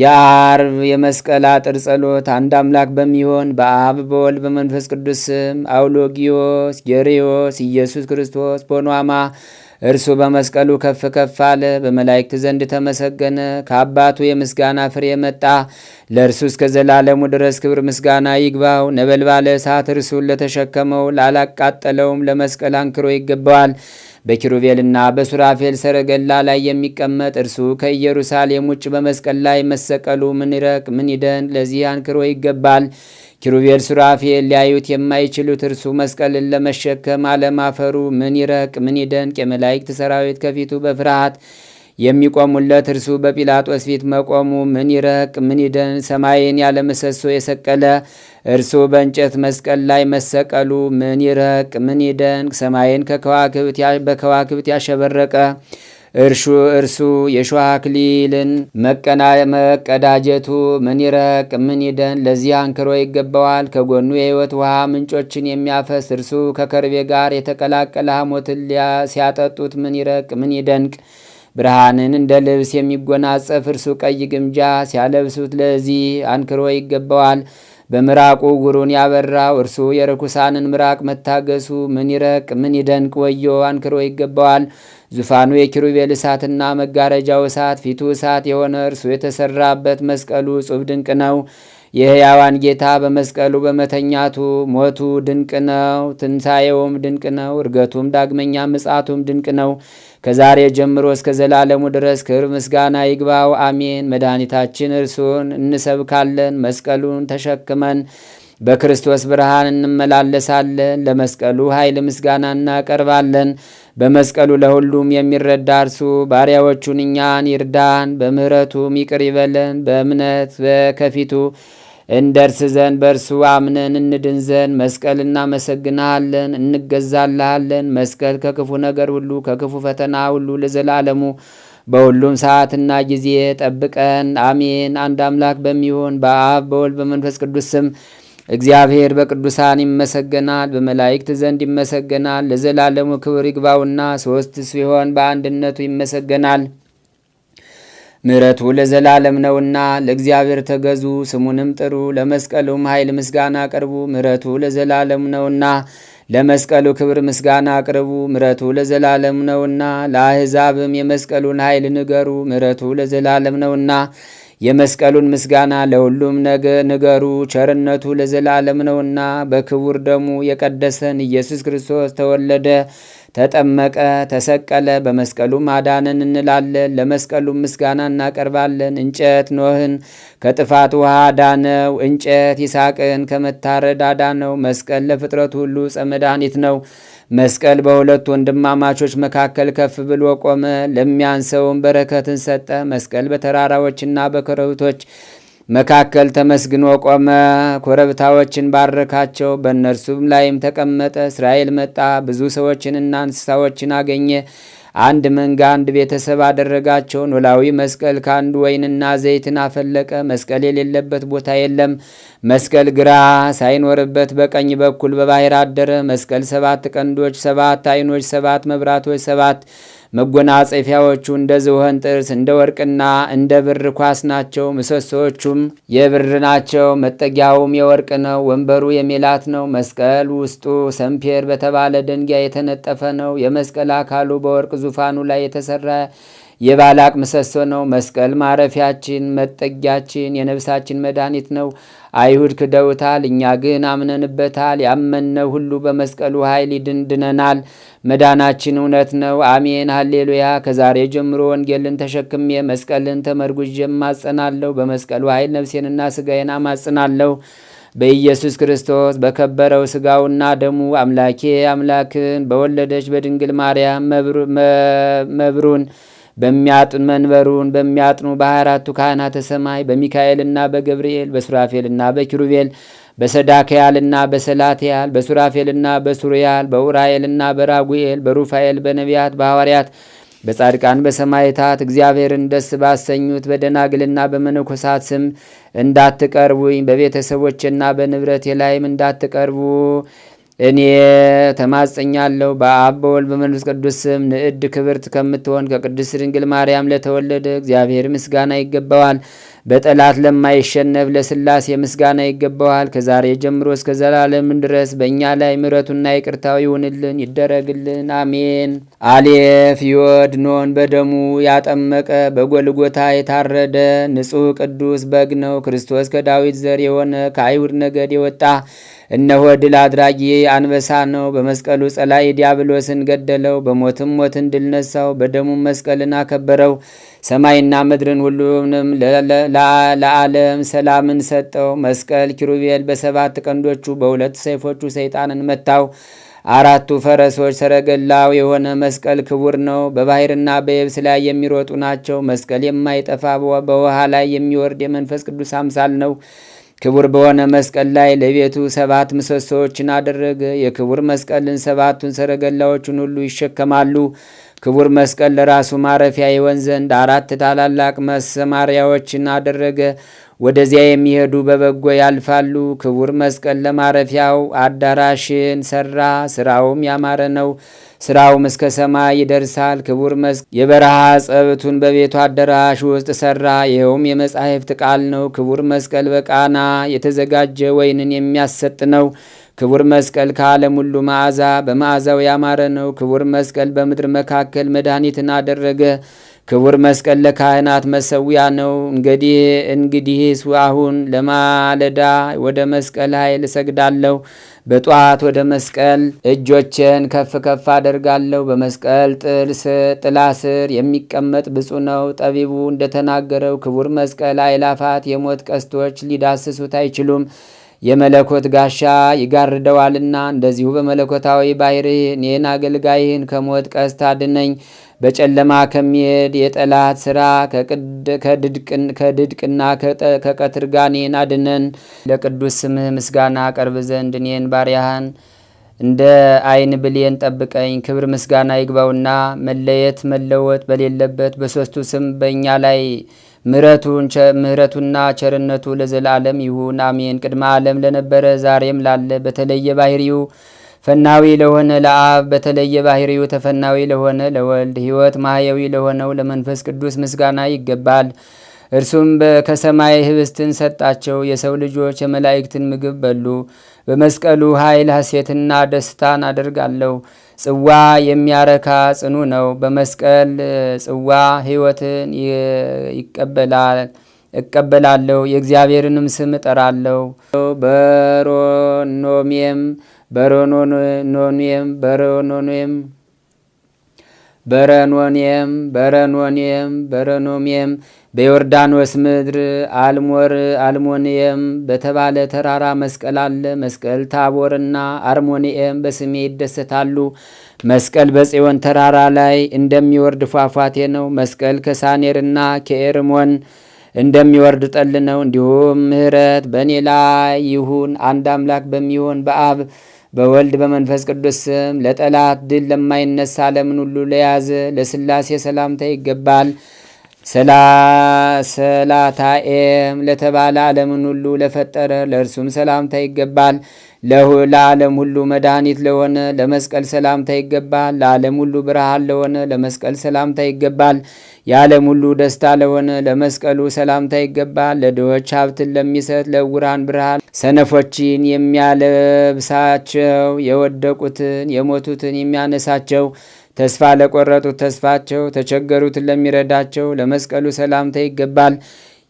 የአርብ የመስቀል አጥር ጸሎት። አንድ አምላክ በሚሆን በአብ በወልድ በመንፈስ ቅዱስ ስም አውሎጊዮስ ጌሬዮስ ኢየሱስ ክርስቶስ ቦኗማ እርሱ በመስቀሉ ከፍ ከፍ አለ፣ በመላእክት ዘንድ ተመሰገነ። ከአባቱ የምስጋና ፍሬ የመጣ ለእርሱ እስከ ዘላለሙ ድረስ ክብር ምስጋና ይግባው። ነበልባለ እሳት እርሱን ለተሸከመው ላላቃጠለውም ለመስቀል አንክሮ ይገባዋል። በኪሩቤልና በሱራፌል ሰረገላ ላይ የሚቀመጥ እርሱ ከኢየሩሳሌም ውጭ በመስቀል ላይ መሰቀሉ ምን ይረቅ ምን ይደን ለዚህ አንክሮ ይገባል። ኪሩቤል ሱራፌል ሊያዩት የማይችሉት እርሱ መስቀልን ለመሸከም አለማፈሩ ምን ይረቅ ምን ይደንቅ። የመላእክት ሰራዊት ከፊቱ በፍርሃት የሚቆሙለት እርሱ በጲላጦስ ፊት መቆሙ ምን ይረቅ ምን ይደን? ሰማይን ያለ ምሰሶ የሰቀለ እርሱ በእንጨት መስቀል ላይ መሰቀሉ ምን ይረቅ ምን ይደን? ሰማይን በከዋክብት ያሸበረቀ እርሹ እርሱ የሾህ አክሊልን መቀዳጀቱ ምን ይረቅ ምን ይደን? ለዚህ አንክሮ ይገባዋል። ከጎኑ የሕይወት ውሃ ምንጮችን የሚያፈስ እርሱ ከከርቤ ጋር የተቀላቀለ ሐሞትን ሲያጠጡት ምን ይረቅ ምን ይደንቅ? ብርሃንን እንደ ልብስ የሚጎናጸፍ እርሱ ቀይ ግምጃ ሲያለብሱት ለዚህ አንክሮ ይገባዋል። በምራቁ ጉሩን ያበራው እርሱ የርኩሳንን ምራቅ መታገሱ ምን ይረቅ ምን ይደንቅ! ወዮ አንክሮ ይገባዋል። ዙፋኑ የኪሩቤል እሳትና መጋረጃው እሳት ፊቱ እሳት የሆነ እርሱ የተሰራበት መስቀሉ እጹብ ድንቅ ነው። የሕያዋን ጌታ በመስቀሉ በመተኛቱ ሞቱ ድንቅ ነው፣ ትንሣኤውም ድንቅ ነው፣ እርገቱም ዳግመኛ ምጻቱም ድንቅ ነው። ከዛሬ ጀምሮ እስከ ዘላለሙ ድረስ ክብር ምስጋና ይግባው፣ አሜን። መድኃኒታችን እርሱን እንሰብካለን መስቀሉን ተሸክመን በክርስቶስ ብርሃን እንመላለሳለን። ለመስቀሉ ኃይል ምስጋና እናቀርባለን። በመስቀሉ ለሁሉም የሚረዳ እርሱ ባሪያዎቹን እኛን ይርዳን፣ በምሕረቱም ይቅር ይበለን። በእምነት በከፊቱ እንደርስ ዘንድ በእርሱ አምነን እንድን ዘንድ መስቀል እናመሰግናለን፣ እንገዛልሃለን። መስቀል ከክፉ ነገር ሁሉ ከክፉ ፈተና ሁሉ ለዘላለሙ በሁሉም ሰዓትና ጊዜ ጠብቀን። አሜን። አንድ አምላክ በሚሆን በአብ በወልድ በመንፈስ ቅዱስ ስም እግዚአብሔር በቅዱሳን ይመሰገናል፣ በመላእክት ዘንድ ይመሰገናል። ለዘላለሙ ክብር ይግባውና ሶስት ሲሆን በአንድነቱ ይመሰገናል። ምሕረቱ ለዘላለም ነውና ለእግዚአብሔር ተገዙ፣ ስሙንም ጥሩ፣ ለመስቀሉም ኃይል ምስጋና አቅርቡ። ምሕረቱ ለዘላለም ነውና ለመስቀሉ ክብር ምስጋና አቅርቡ። ምሕረቱ ለዘላለም ነውና ለአሕዛብም የመስቀሉን ኃይል ንገሩ። ምሕረቱ ለዘላለም ነውና የመስቀሉን ምስጋና ለሁሉም ነገ ንገሩ፣ ቸርነቱ ለዘላለም ነውና በክቡር ደሙ የቀደሰን ኢየሱስ ክርስቶስ ተወለደ ተጠመቀ፣ ተሰቀለ፣ በመስቀሉም አዳነን እንላለን። ለመስቀሉ ምስጋና እናቀርባለን። እንጨት ኖህን ከጥፋት ውሃ አዳነው። እንጨት ይሳቅን ከመታረድ አዳነው። መስቀል ለፍጥረት ሁሉ ዕፀ መድኃኒት ነው። መስቀል በሁለት ወንድማማቾች መካከል ከፍ ብሎ ቆመ፣ ለሚያንሰውን በረከትን ሰጠ። መስቀል በተራራዎችና በኮረብቶች መካከል ተመስግኖ ቆመ። ኮረብታዎችን ባረካቸው፣ በእነርሱም ላይም ተቀመጠ። እስራኤል መጣ፣ ብዙ ሰዎችንና እንስሳዎችን አገኘ። አንድ መንጋ አንድ ቤተሰብ አደረጋቸው። ኖላዊ መስቀል ከአንድ ወይንና ዘይትን አፈለቀ። መስቀል የሌለበት ቦታ የለም። መስቀል ግራ ሳይኖርበት በቀኝ በኩል በባህር አደረ። መስቀል ሰባት ቀንዶች፣ ሰባት ዓይኖች፣ ሰባት መብራቶች፣ ሰባት መጎናጸፊያዎቹ እንደ ዝሆን ጥርስ እንደ ወርቅና እንደ ብር ኳስ ናቸው። ምሰሶዎቹም የብር ናቸው። መጠጊያውም የወርቅ ነው። ወንበሩ የሜላት ነው። መስቀል ውስጡ ሰምፔር በተባለ ደንጊያ የተነጠፈ ነው። የመስቀል አካሉ በወርቅ ዙፋኑ ላይ የተሰራ የባላቅ ምሰሶ ነው። መስቀል ማረፊያችን፣ መጠጊያችን፣ የነፍሳችን መድኃኒት ነው። አይሁድ ክደውታል፣ እኛ ግን አምነንበታል። ያመንነው ሁሉ በመስቀሉ ኃይል ይድንድነናል። መዳናችን እውነት ነው። አሜን ሀሌሉያ። ከዛሬ ጀምሮ ወንጌልን ተሸክሜ መስቀልን ተመርጉዤ ማጸናለሁ። በመስቀሉ ኃይል ነፍሴንና ስጋዬን አማጽናለሁ። በኢየሱስ ክርስቶስ በከበረው ስጋውና ደሙ አምላኬ አምላክን በወለደች በድንግል ማርያም መብሩን በሚያጥን መንበሩን በሚያጥኑ በአራቱ ካህናተ ሰማይ በሚካኤልና በገብርኤል በሱራፌልና በኪሩቤል በሰዳክያልና በሰላትያል በሱራፌልና በሱርያል በኡራኤልና በራጉኤል በሩፋኤል በነቢያት በሐዋርያት በጻድቃን በሰማይታት እግዚአብሔርን ደስ ባሰኙት በደናግልና በመነኮሳት ስም እንዳትቀርቡኝ በቤተሰቦችና በንብረቴ ላይም እንዳትቀርቡ እኔ ተማጸኛለሁ በአብ በወልድ በመንፈስ ቅዱስ ስም። ንዕድ ክብርት ከምትሆን ከቅድስት ድንግል ማርያም ለተወለደ እግዚአብሔር ምስጋና ይገባዋል። በጠላት ለማይሸነፍ ለስላሴ ምስጋና ይገባዋል። ከዛሬ ጀምሮ እስከ ዘላለም ድረስ በእኛ ላይ ምረቱና ይቅርታው ይሁንልን ይደረግልን፣ አሜን። አሌፍ ይወድ ኖን በደሙ ያጠመቀ በጎልጎታ የታረደ ንጹሕ ቅዱስ በግ ነው። ክርስቶስ ከዳዊት ዘር የሆነ ከአይሁድ ነገድ የወጣ እነሆ ድል አድራጊ አንበሳ ነው። በመስቀሉ ጸላይ ዲያብሎስን ገደለው፣ በሞትም ሞትን ድል ነሳው፣ በደሙም መስቀልን አከበረው። ሰማይና ምድርን ሁሉንም ለዓለም ሰላምን ሰጠው። መስቀል ኪሩቤል በሰባት ቀንዶቹ በሁለት ሰይፎቹ ሰይጣንን መታው። አራቱ ፈረሶች ሰረገላው የሆነ መስቀል ክቡር ነው። በባህርና በየብስ ላይ የሚሮጡ ናቸው። መስቀል የማይጠፋ በውሃ ላይ የሚወርድ የመንፈስ ቅዱስ አምሳል ነው። ክቡር በሆነ መስቀል ላይ ለቤቱ ሰባት ምሰሶዎችን አደረገ። የክቡር መስቀልን ሰባቱን ሰረገላዎችን ሁሉ ይሸከማሉ። ክቡር መስቀል ለራሱ ማረፊያ ይሆን ዘንድ አራት ታላላቅ መሰማሪያዎችን አደረገ። ወደዚያ የሚሄዱ በበጎ ያልፋሉ። ክቡር መስቀል ለማረፊያው አዳራሽን ሰራ። ስራውም ያማረ ነው። ስራውም እስከ ሰማይ ይደርሳል። ክቡር መስቀል የበረሃ ጸብቱን በቤቱ አዳራሽ ውስጥ ሰራ። ይኸውም የመጻሕፍት ቃል ነው። ክቡር መስቀል በቃና የተዘጋጀ ወይንን የሚያሰጥ ነው። ክቡር መስቀል ከዓለም ሁሉ መዓዛ በመዓዛው ያማረ ነው። ክቡር መስቀል በምድር መካከል መድኃኒትን አደረገ። ክቡር መስቀል ለካህናት መሰዊያ ነው። እንግዲህ እንግዲህስ አሁን ለማለዳ ወደ መስቀል ኃይል እሰግዳለሁ። በጠዋት ወደ መስቀል እጆችን ከፍ ከፍ አደርጋለሁ። በመስቀል ጥላ ስር የሚቀመጥ ብፁዕ ነው። ጠቢቡ እንደተናገረው ክቡር መስቀል አይላፋት የሞት ቀስቶች ሊዳስሱት አይችሉም። የመለኮት ጋሻ ይጋርደዋልና እንደዚሁ በመለኮታዊ ባሕርህ እኔን አገልጋይህን ከሞት ቀስት አድነኝ። በጨለማ ከሚሄድ የጠላት ስራ ከድድቅና ከቀትር ጋር እኔን አድነን። ለቅዱስ ስምህ ምስጋና ቀርብ ዘንድ እኔን ባርያህን እንደ አይን ብሌን ጠብቀኝ። ክብር ምስጋና ይግባውና መለየት መለወጥ በሌለበት በሦስቱ ስም በእኛ ላይ ምሕረቱና ቸርነቱ ለዘላለም ይሁን አሜን። ቅድመ ዓለም ለነበረ ዛሬም ላለ በተለየ ባህሪው ፈናዊ ለሆነ ለአብ በተለየ ባህሪው ተፈናዊ ለሆነ ለወልድ ሕይወት ማህያዊ ለሆነው ለመንፈስ ቅዱስ ምስጋና ይገባል። እርሱም ከሰማይ ህብስትን ሰጣቸው። የሰው ልጆች የመላእክትን ምግብ በሉ። በመስቀሉ ኃይል ሐሴትና ደስታን አደርጋለሁ። ጽዋ የሚያረካ ጽኑ ነው። በመስቀል ጽዋ ሕይወትን ይቀበላል እቀበላለሁ የእግዚአብሔርንም ስም እጠራለሁ። በሮኖሜም በሮኖኖሜም በሮኖኖም በረኖኔም በረኖኔም በረኖሜም በዮርዳኖስ ምድር አልሞር አልሞንየም በተባለ ተራራ መስቀል አለ። መስቀል ታቦርና አርሞኒየም በስሜ ይደሰታሉ። መስቀል በጽዮን ተራራ ላይ እንደሚወርድ ፏፏቴ ነው። መስቀል ከሳኔርና ከኤርሞን እንደሚወርድ ጠል ነው። እንዲሁም ምሕረት በእኔ ላይ ይሁን አንድ አምላክ በሚሆን በአብ በወልድ በመንፈስ ቅዱስ ስም ለጠላት ድል ለማይነሳ ዓለምን ሁሉ ለያዘ ለስላሴ ሰላምታ ይገባል። ሰላሰላታኤም ለተባለ ዓለምን ሁሉ ለፈጠረ ለእርሱም ሰላምታ ይገባል። ለዓለም ሁሉ መድኃኒት ለሆነ ለመስቀል ሰላምታ ይገባል። ለዓለም ሁሉ ብርሃን ለሆነ ለመስቀል ሰላምታ ይገባል። የዓለም ሁሉ ደስታ ለሆነ ለመስቀሉ ሰላምታ ይገባል። ለድሆች ሀብትን ለሚሰጥ ለዕውራን ብርሃን፣ ሰነፎችን የሚያለብሳቸው፣ የወደቁትን የሞቱትን የሚያነሳቸው ተስፋ ለቆረጡት ተስፋቸው፣ ተቸገሩትን ለሚረዳቸው ለመስቀሉ ሰላምታ ይገባል።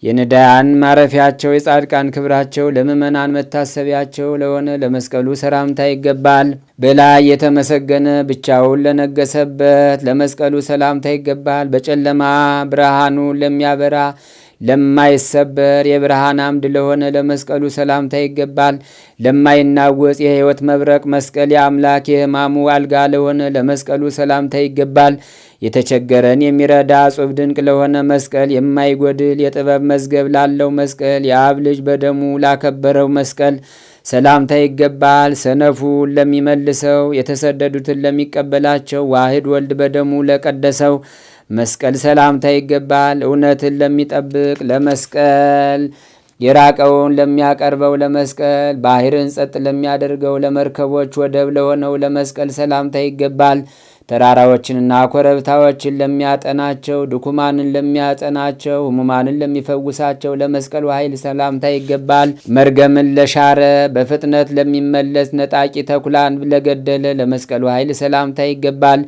የነዳያን ማረፊያቸው፣ የጻድቃን ክብራቸው፣ ለምእመናን መታሰቢያቸው ለሆነ ለመስቀሉ ሰላምታ ይገባል። በላይ የተመሰገነ ብቻውን ለነገሰበት ለመስቀሉ ሰላምታ ይገባል። በጨለማ ብርሃኑ ለሚያበራ ለማይሰበር የብርሃን አምድ ለሆነ ለመስቀሉ ሰላምታ ይገባል። ለማይናወጽ የሕይወት መብረቅ መስቀል የአምላክ የሕማሙ አልጋ ለሆነ ለመስቀሉ ሰላምታ ይገባል። የተቸገረን የሚረዳ ጽብ ድንቅ ለሆነ መስቀል የማይጎድል የጥበብ መዝገብ ላለው መስቀል የአብ ልጅ በደሙ ላከበረው መስቀል ሰላምታ ይገባል። ሰነፉን ለሚመልሰው የተሰደዱትን ለሚቀበላቸው ዋህድ ወልድ በደሙ ለቀደሰው መስቀል ሰላምታ ይገባል። እውነትን ለሚጠብቅ ለመስቀል የራቀውን ለሚያቀርበው ለመስቀል ባህርን ጸጥ ለሚያደርገው ለመርከቦች ወደብ ለሆነው ለመስቀል ሰላምታ ይገባል። ተራራዎችንና ኮረብታዎችን ለሚያጠናቸው፣ ድኩማንን ለሚያጠናቸው፣ ሕሙማንን ለሚፈውሳቸው ለመስቀሉ ኃይል ሰላምታ ይገባል። መርገምን ለሻረ፣ በፍጥነት ለሚመለስ፣ ነጣቂ ተኩላን ለገደለ ለመስቀሉ ኃይል ሰላምታ ይገባል።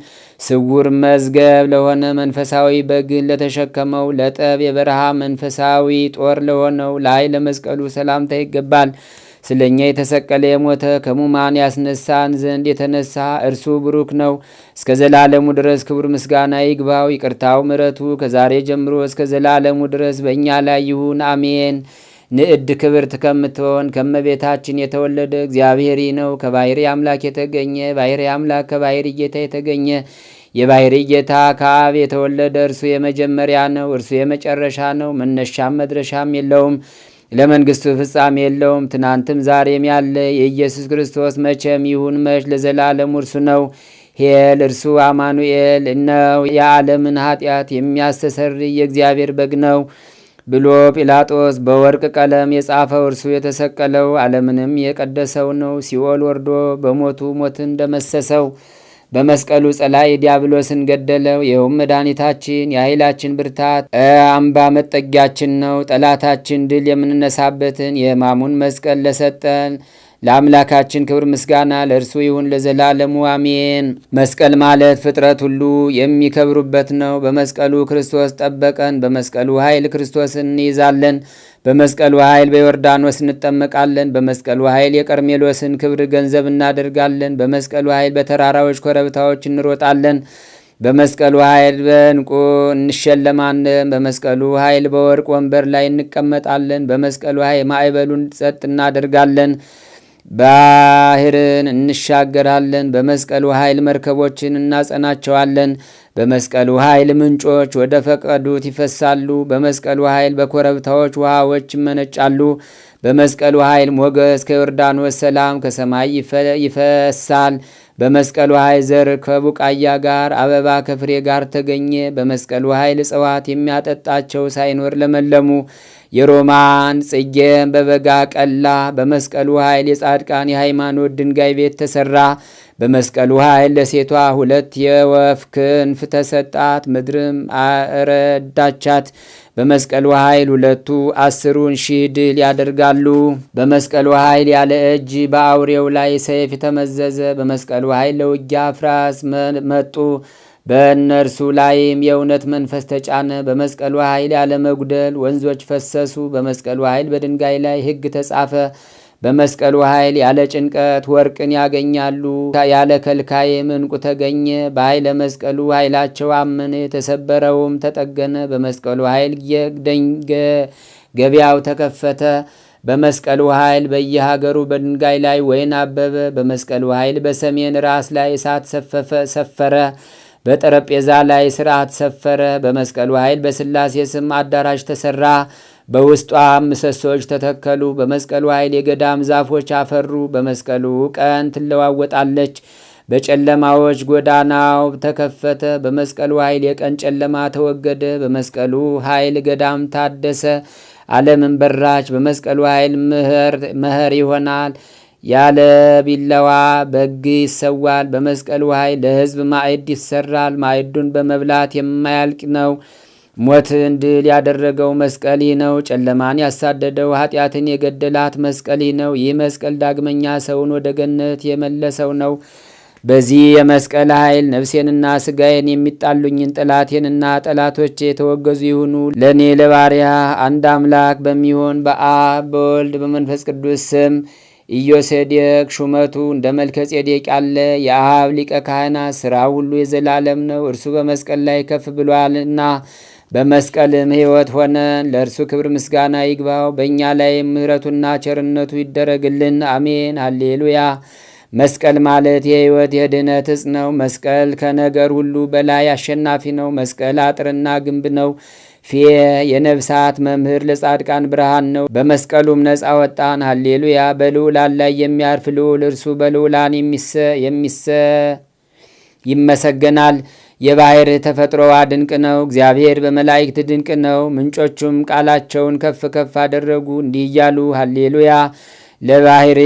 ስውር መዝገብ ለሆነ መንፈሳዊ በግን ለተሸከመው፣ ለጠብ የበረሃ መንፈሳዊ ጦር ለሆነው ላይ ለመስቀሉ ሰላምታ ይገባል። ስለ እኛ የተሰቀለ የሞተ ከሙማን ያስነሳን ዘንድ የተነሳ እርሱ ብሩክ ነው እስከ ዘላለሙ ድረስ ክቡር ምስጋና ይግባው። ይቅርታው ምረቱ ከዛሬ ጀምሮ እስከ ዘላለሙ ድረስ በእኛ ላይ ይሁን አሜን። ንዕድ ክብርት ከምትሆን ከመቤታችን የተወለደ እግዚአብሔር ነው። ከባሕሪ አምላክ የተገኘ ባሕሪ አምላክ ከባሕሪ ጌታ የተገኘ የባሕሪ ጌታ ከአብ የተወለደ እርሱ የመጀመሪያ ነው፣ እርሱ የመጨረሻ ነው። መነሻም መድረሻም የለውም። ለመንግስቱ ፍጻሜ የለውም። ትናንትም ዛሬም ያለ የኢየሱስ ክርስቶስ መቼም ይሁን መች ለዘላለሙ እርሱ ነው። ሄል እርሱ አማኑኤል ነው። የዓለምን ኃጢአት የሚያስተሰር የእግዚአብሔር በግ ነው ብሎ ጲላጦስ በወርቅ ቀለም የጻፈው እርሱ የተሰቀለው ዓለምንም የቀደሰው ነው። ሲኦል ወርዶ በሞቱ ሞትን ደመሰሰው። በመስቀሉ ጸላይ ዲያብሎስን ገደለው። ይኸውም መድኃኒታችን የኃይላችን ብርታት አምባ መጠጊያችን ነው። ጠላታችን ድል የምንነሳበትን የሕማሙን መስቀል ለሰጠን ለአምላካችን ክብር ምስጋና ለእርሱ ይሁን ለዘላለሙ አሜን። መስቀል ማለት ፍጥረት ሁሉ የሚከብሩበት ነው። በመስቀሉ ክርስቶስ ጠበቀን። በመስቀሉ ኃይል ክርስቶስን እንይዛለን። በመስቀሉ ኃይል በዮርዳኖስ እንጠመቃለን። በመስቀሉ ኃይል የቀርሜሎስን ክብር ገንዘብ እናደርጋለን። በመስቀሉ ኃይል በተራራዎች ኮረብታዎች እንሮጣለን። በመስቀሉ ኃይል በእንቁ እንሸለማለን። በመስቀሉ ኃይል በወርቅ ወንበር ላይ እንቀመጣለን። በመስቀሉ ኃይል ማዕበሉን ጸጥ እናደርጋለን። ባህርን እንሻገራለን። በመስቀሉ ኃይል መርከቦችን እናጸናቸዋለን። በመስቀሉ ኃይል ምንጮች ወደ ፈቀዱት ይፈሳሉ። በመስቀሉ ኃይል በኮረብታዎች ውሃዎች ይመነጫሉ። በመስቀሉ ኃይል ሞገስ ከዮርዳኖስ ሰላም ከሰማይ ይፈሳል። በመስቀሉ ኃይል ዘር ከቡቃያ ጋር አበባ ከፍሬ ጋር ተገኘ። በመስቀሉ ኃይል እጽዋት የሚያጠጣቸው ሳይኖር ለመለሙ። የሮማን ጽጌም በበጋ ቀላ። በመስቀሉ ኃይል የጻድቃን የሃይማኖት ድንጋይ ቤት ተሰራ። በመስቀሉ ኃይል ለሴቷ ሁለት የወፍ ክንፍ ተሰጣት፣ ምድርም አረዳቻት። በመስቀሉ ኃይል ሁለቱ አስሩን ሺህ ድል ያደርጋሉ። በመስቀሉ ኃይል ያለ እጅ በአውሬው ላይ ሰይፍ የተመዘዘ በመስቀሉ ኃይል ለውጊያ ፍራስ መጡ። በእነርሱ ላይም የእውነት መንፈስ ተጫነ። በመስቀሉ ኃይል ያለ መጉደል ወንዞች ፈሰሱ። በመስቀሉ ኃይል በድንጋይ ላይ ሕግ ተጻፈ። በመስቀሉ ኃይል ያለ ጭንቀት ወርቅን ያገኛሉ። ያለ ከልካይም እንቁ ተገኘ። በኃይለ መስቀሉ ኃይላቸው አመነ፣ የተሰበረውም ተጠገነ። በመስቀሉ ኃይል ገበያው ተከፈተ። በመስቀሉ ኃይል በየሀገሩ በድንጋይ ላይ ወይን አበበ። በመስቀሉ ኃይል በሰሜን ራስ ላይ እሳት ሰፈረ። በጠረጴዛ ላይ ስርዓት ሰፈረ። በመስቀሉ ኃይል በስላሴ ስም አዳራሽ ተሰራ። በውስጧ ምሰሶች ተተከሉ። በመስቀሉ ኃይል የገዳም ዛፎች አፈሩ። በመስቀሉ ቀን ትለዋወጣለች። በጨለማዎች ጎዳናው ተከፈተ። በመስቀሉ ኃይል የቀን ጨለማ ተወገደ። በመስቀሉ ኃይል ገዳም ታደሰ፣ ዓለምን በራች። በመስቀሉ ኃይል መኸር ይሆናል። ያለ ቢላዋ በግ ይሰዋል። በመስቀሉ ኃይል ለሕዝብ ማዕድ ይሰራል። ማዕዱን በመብላት የማያልቅ ነው። ሞትን ድል ያደረገው መስቀል ይህ ነው። ጨለማን ያሳደደው ኃጢአትን የገደላት መስቀል ይህ ነው። ይህ መስቀል ዳግመኛ ሰውን ወደ ገነት የመለሰው ነው። በዚህ የመስቀል ኃይል ነፍሴንና ስጋዬን የሚጣሉኝን ጠላቴንና ጠላቶቼ የተወገዙ ይሁኑ። ለእኔ ለባሪያ አንድ አምላክ በሚሆን በአብ በወልድ በመንፈስ ቅዱስ ስም ኢዮሴዴቅ ሹመቱ እንደ መልከ ጼዴቅ ያለ የአሃብ ሊቀ ካህናት ሥራ ሁሉ የዘላለም ነው። እርሱ በመስቀል ላይ ከፍ ብሏልና በመስቀልም ሕይወት ሆነን ለእርሱ ክብር ምስጋና ይግባው። በእኛ ላይ ምሕረቱና ቸርነቱ ይደረግልን። አሜን። አሌሉያ። መስቀል ማለት የሕይወት የድህነት እጽ ነው። መስቀል ከነገር ሁሉ በላይ አሸናፊ ነው። መስቀል አጥርና ግንብ ነው። ፊየ የነብሳት መምህር ለጻድቃን ብርሃን ነው። በመስቀሉም ነፃ ወጣን። ሀሌሉያ በልዑላን ላይ የሚያርፍ ልዑል እርሱ በልዑላን የሚሰ ይመሰገናል። የባህር ተፈጥሮዋ ድንቅ ነው። እግዚአብሔር በመላእክት ድንቅ ነው። ምንጮቹም ቃላቸውን ከፍ ከፍ አደረጉ እንዲህ እያሉ ሃሌሉያ ለባሕር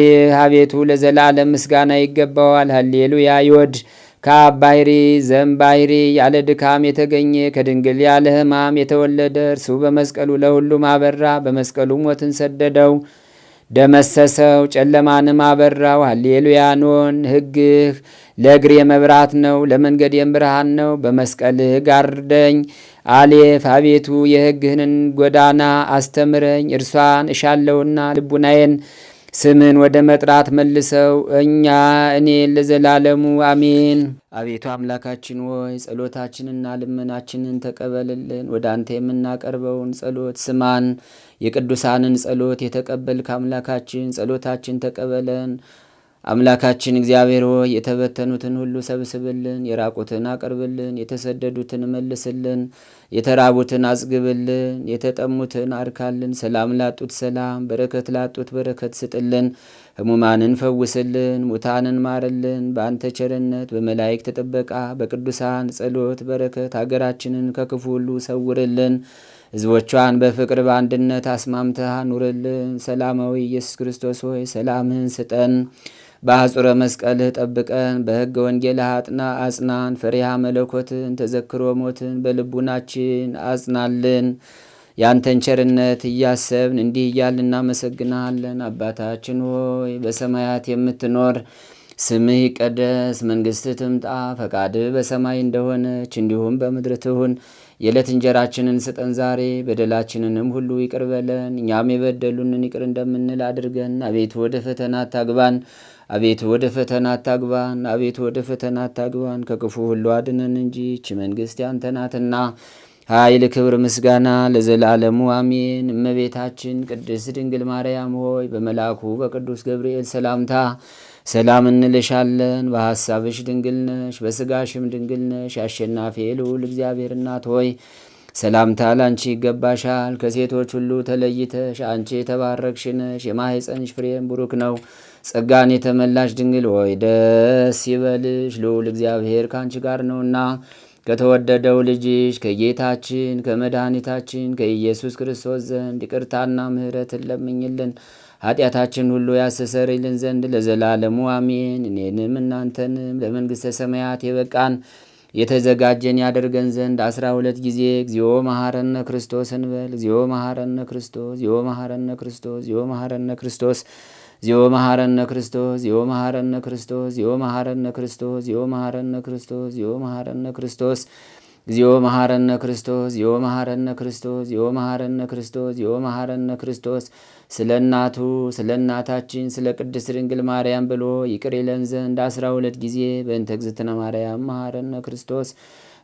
አቤቱ ለዘላለም ምስጋና ይገባዋል። ሃሌሉያ ይወድ ከአብ ባህሪ ዘም ባህሪ ያለ ድካም የተገኘ ከድንግል ያለ ሕማም የተወለደ እርሱ በመስቀሉ ለሁሉም አበራ፣ በመስቀሉ ሞትን ሰደደው ደመሰሰው፣ ጨለማንም አበራው። ሃሌሉያ ኖን ህግህ ለእግሬ መብራት ነው፣ ለመንገዴም ብርሃን ነው። በመስቀልህ ጋርደኝ። አሌፍ አቤቱ የህግህንን ጎዳና አስተምረኝ፣ እርሷን እሻለውና ልቡናዬን ስምን ወደ መጥራት መልሰው እኛ እኔ ለዘላለሙ አሜን። አቤቱ አምላካችን ሆይ ጸሎታችንና ልመናችንን ተቀበልልን። ወደ አንተ የምናቀርበውን ጸሎት ስማን። የቅዱሳንን ጸሎት የተቀበልክ አምላካችን ጸሎታችን ተቀበለን። አምላካችን እግዚአብሔር ሆይ የተበተኑትን ሁሉ ሰብስብልን፣ የራቁትን አቅርብልን፣ የተሰደዱትን መልስልን፣ የተራቡትን አጽግብልን፣ የተጠሙትን አርካልን፣ ሰላም ላጡት ሰላም፣ በረከት ላጡት በረከት ስጥልን፣ ሕሙማንን ፈውስልን፣ ሙታንን ማርልን። በአንተ ቸርነት በመላእክት ጥበቃ በቅዱሳን ጸሎት በረከት ሀገራችንን ከክፉ ሁሉ ሰውርልን። ህዝቦቿን በፍቅር በአንድነት አስማምተህ አኑርልን። ሰላማዊ ኢየሱስ ክርስቶስ ሆይ ሰላምህን ስጠን። በአጹረ መስቀልህ ጠብቀን፣ በሕገ ወንጌልህ አጥና አጽናን። ፍሬሃ መለኮትን ተዘክሮ ሞትን በልቡናችን አጽናልን። ያንተን ቸርነት እያሰብን እንዲህ እያል እናመሰግናለን። አባታችን ሆይ በሰማያት የምትኖር ስምህ ይቀደስ፣ መንግስት ትምጣ፣ ፈቃድ በሰማይ እንደሆነች እንዲሁም በምድር ትሁን። የዕለት እንጀራችንን ስጠን ዛሬ፣ በደላችንንም ሁሉ ይቅር በለን እኛም የበደሉንን ይቅር እንደምንል አድርገን። አቤቱ ወደ ፈተና አታግባን፣ አቤቱ ወደ ፈተና አታግባን፣ አቤቱ ወደ ፈተና አታግባን፣ ከክፉ ሁሉ አድነን እንጂ ይህች መንግሥት ያንተ ናትና ኃይል፣ ክብር፣ ምስጋና ለዘላለሙ አሜን። እመቤታችን ቅድስት ድንግል ማርያም ሆይ በመልአኩ በቅዱስ ገብርኤል ሰላምታ ሰላም እንልሻለን። በሐሳብሽ ድንግል ነሽ፣ በስጋሽም ድንግል ነሽ። አሸናፊ ልዑል እግዚአብሔር እናት ሆይ ሰላምታ ላንቺ ይገባሻል። ከሴቶች ሁሉ ተለይተሽ አንቺ የተባረክሽ ነሽ፣ የማኅፀንሽ ፍሬም ቡሩክ ነው። ጸጋን የተመላሽ ድንግል ሆይ ደስ ይበልሽ፣ ልዑል እግዚአብሔር ከአንቺ ጋር ነውና ከተወደደው ልጅሽ ከጌታችን ከመድኃኒታችን ከኢየሱስ ክርስቶስ ዘንድ ይቅርታና ምሕረትን ለምኝልን ኃጢአታችን ሁሉ ያስተሰርይልን ዘንድ ለዘላለሙ አሜን። እኔንም እናንተንም ለመንግሥተ ሰማያት የበቃን የተዘጋጀን ያደርገን ዘንድ አስራ ሁለት ጊዜ እግዚኦ መሐረነ ክርስቶስ እንበል። እግዚኦ መሐረነ ክርስቶስ፣ እግዚኦ መሐረነ ክርስቶስ፣ እግዚኦ መሐረነ ክርስቶስ ዚኦ መሐረነ ክርስቶስ ዚኦ መሐረነ ክርስቶስ ዚኦ መሐረነ ክርስቶስ ዚኦ መሐረነ ክርስቶስ ዚኦ መሐረነ ክርስቶስ እግዚኦ መሐረነ ክርስቶስ ዚኦ መሐረነ ክርስቶስ ዚኦ መሐረነ ክርስቶስ ዚኦ መሐረነ ክርስቶስ ስለ እናቱ ስለ እናታችን ስለ ቅድስት ድንግል ማርያም ብሎ ይቅር ይለን ዘንድ አስራ ሁለት ጊዜ በእንተ እግዝእትነ ማርያም መሐረነ ክርስቶስ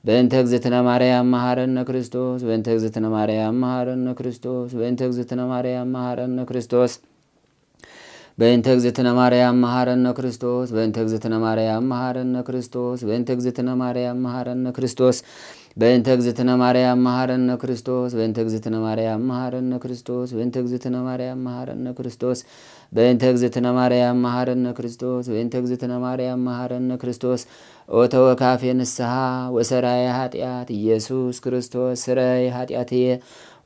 በእንተ እግዝእትነ ማርያም መሐረነ ክርስቶስ በእንተ እግዝእትነ ማርያም መሐረነ ክርስቶስ በእንተ እግዝእትነ ማርያም መሐረነ ክርስቶስ በእንተ እግዝእትነ ማርያም መሐረነ ክርስቶስ በእንተ እግዝእትነ ማርያም መሐረነ ክርስቶስ በእንተ እግዝእትነ ማርያም መሐረነ ክርስቶስ በእንተ እግዝእትነ ማርያም መሐረነ ክርስቶስ በእንተ እግዝእትነ ማርያም መሐረነ ክርስቶስ በእንተ እግዝእትነ ማርያም መሐረነ ክርስቶስ በእንተ እግዝእትነ ማርያም መሐረነ ክርስቶስ በእንተ እግዝእትነ ማርያም መሐረነ ክርስቶስ ኦቶ ተወካፌ ንስሐ ወሰራየ ኃጢአት ኢየሱስ ክርስቶስ ስረይ ኃጢአትየ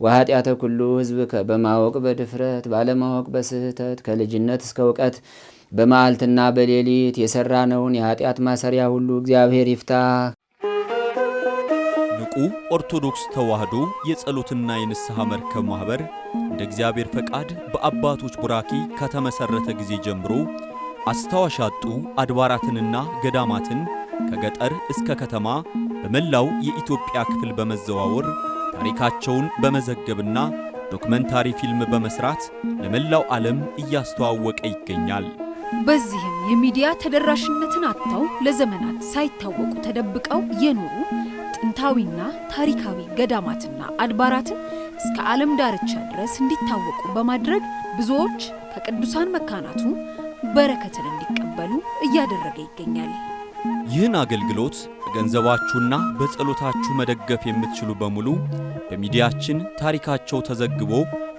ወኃጢአተ ኩሉ ህዝብ በማወቅ በድፍረት ባለማወቅ በስህተት ከልጅነት እስከ እውቀት በመዓልትና በሌሊት የሰራነውን የኃጢአት ማሰሪያ ሁሉ እግዚአብሔር ይፍታ። ንቁ ኦርቶዶክስ ተዋህዶ የጸሎትና የንስሐ መርከብ ማኅበር እንደ እግዚአብሔር ፈቃድ በአባቶች ቡራኪ ከተመሠረተ ጊዜ ጀምሮ አስታዋሽ ያጡ አድባራትንና ገዳማትን ከገጠር እስከ ከተማ በመላው የኢትዮጵያ ክፍል በመዘዋወር ታሪካቸውን በመዘገብና ዶክመንታሪ ፊልም በመስራት ለመላው ዓለም እያስተዋወቀ ይገኛል። በዚህም የሚዲያ ተደራሽነትን አጥተው ለዘመናት ሳይታወቁ ተደብቀው የኖሩ ጥንታዊና ታሪካዊ ገዳማትና አድባራትን እስከ ዓለም ዳርቻ ድረስ እንዲታወቁ በማድረግ ብዙዎች ከቅዱሳን መካናቱ በረከትን እንዲቀበሉ እያደረገ ይገኛል። ይህን አገልግሎት በገንዘባችሁና በጸሎታችሁ መደገፍ የምትችሉ በሙሉ በሚዲያችን ታሪካቸው ተዘግቦ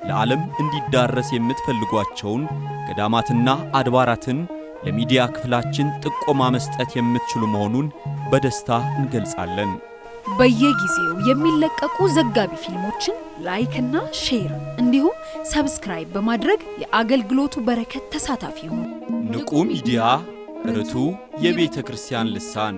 ለዓለም እንዲዳረስ የምትፈልጓቸውን ገዳማትና አድባራትን ለሚዲያ ክፍላችን ጥቆማ መስጠት የምትችሉ መሆኑን በደስታ እንገልጻለን። በየጊዜው የሚለቀቁ ዘጋቢ ፊልሞችን ላይክ እና ሼር እንዲሁም ሰብስክራይብ በማድረግ የአገልግሎቱ በረከት ተሳታፊ ይሁኑ። ንቁ ሚዲያ ርቱ የቤተ ክርስቲያን ልሳን